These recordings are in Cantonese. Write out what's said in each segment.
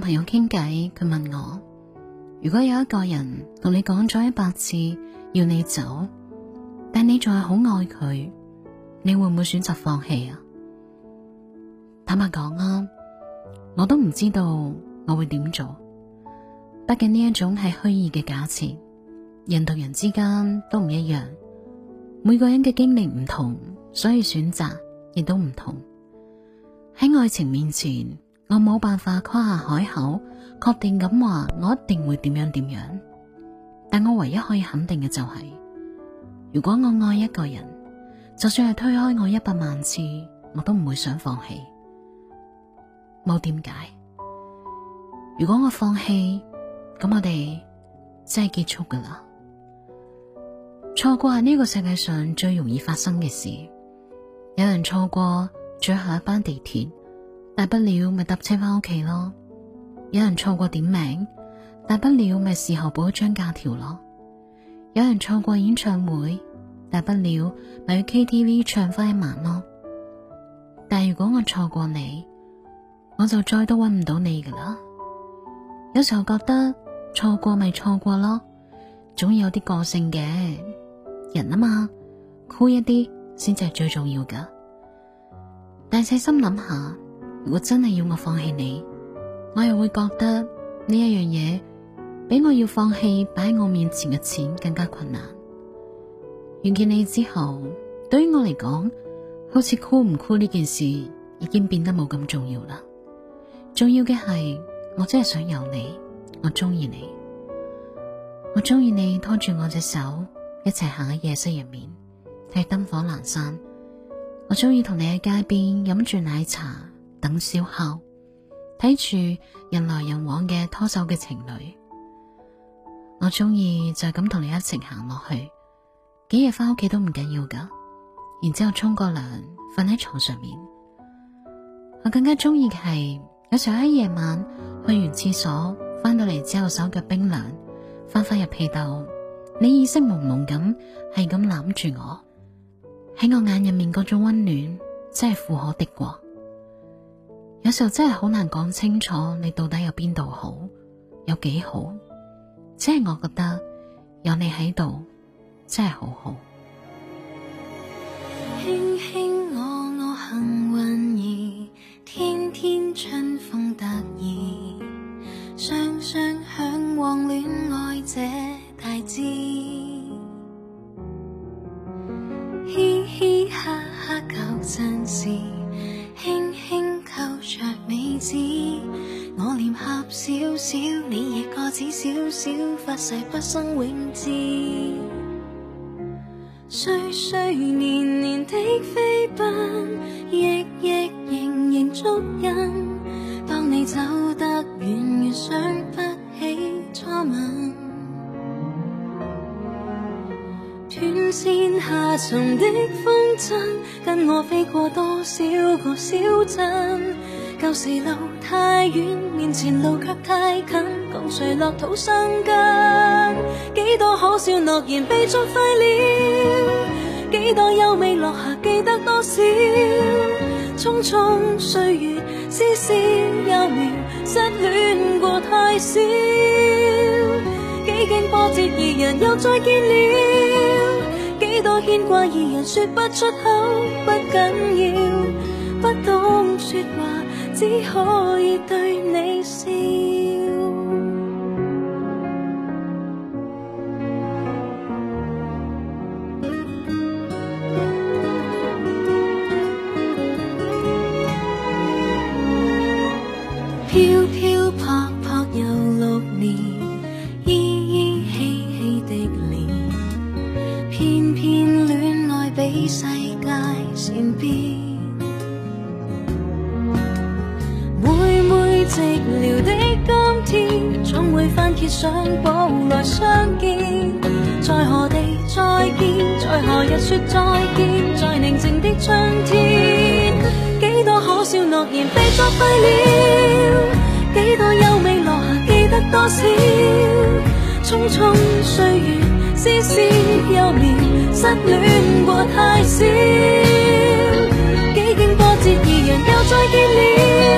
朋友傾偈，佢問我：如果有一個人同你講咗一百次要你走，但你仲係好愛佢，你會唔會選擇放棄啊？坦白講啊，我都唔知道我會點做。畢竟呢一種係虛擬嘅假設，人同人之間都唔一樣，每個人嘅經歷唔同，所以選擇亦都唔同。喺愛情面前，我冇辦法誇下海口，確定咁話我一定會點樣點樣。但我唯一可以肯定嘅就係、是，如果我愛一個人，就算係推開我一百萬次，我都唔會想放棄。冇點解？如果我放棄，咁我哋真係結束噶啦。錯過係呢個世界上最容易發生嘅事。有人錯過最後一班地鐵。大不了咪搭車翻屋企咯，有人錯過點名，大不了咪事後補一張假條咯；有人錯過演唱會，大不了咪去 KTV 唱翻一晚咯。但如果我錯過你，我就再都搵唔到你噶啦。有時候覺得錯過咪錯過咯，總有啲個性嘅人啊嘛，酷一啲先至係最重要噶。但細心諗下。如果真係要我放棄你，我又會覺得呢一樣嘢比我要放棄擺喺我面前嘅錢更加困難。遇見你之後，對於我嚟講，好似酷唔酷呢件事已經變得冇咁重要啦。重要嘅係，我真係想有你，我中意你，我中意你拖住我隻手一齊行喺夜色入面，睇燈火闌珊。我中意同你喺街邊飲住奶茶，等燒烤，睇住人來人往嘅拖手嘅情侶，我中意就咁同你一齊行落去，幾夜翻屋企都唔緊要噶。然之後沖個涼，瞓喺床上面。我更加中意嘅係，有時喺夜晚去完廁所，翻到嚟之後手腳冰涼，翻翻入被竇，你意識朦朧咁，係咁攬住我，喺我眼入面嗰種溫暖真係富可敵國。有時候真係好難講清楚，你到底有邊度好，有幾好。只係我覺得有你喺度真係好好。卿卿我我幸運兒，天天春風得意，雙雙嚮往戀愛這大志，嘻嘻哈哈搞陣事。少，你亦個子少少，發誓不生永誌。歲歲年年的飛奔，亦亦仍然足印。當你走得遠遠，想不起初吻。斷線下沉的風箏，跟我飛過多少個小鎮。舊時路太遠，面前路卻太近，共誰落土生根？幾多可笑諾言被作廢了，幾多優美落霞記得多少？匆匆歲月，絲絲幼苗，失戀過太少。幾經波折，二人又再見了，幾多牽掛，二人說不出口，不緊要，不懂說話。只可以對你笑，飄飄泊泊又六年，依依稀稀的臉，偏偏戀愛比世界善變。寂寥的今天，總會翻揭相簿來相見。在何地再見？在何日說再見？在寧靜的春天。幾多可笑諾言被作廢了，幾多優美落霞記得多少？匆匆歲月，絲絲幼念，失戀過太少。幾經波折，二人又再見了。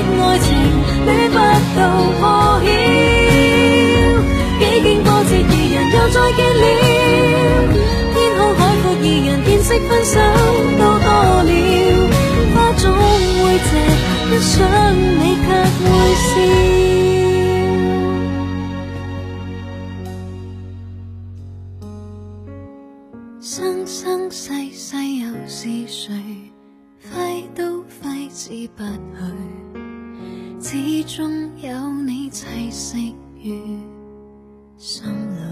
分手都多了，花總會謝，不想你卻會笑。 生生世世又是誰，揮都揮之不去，始終有你棲息於心裏。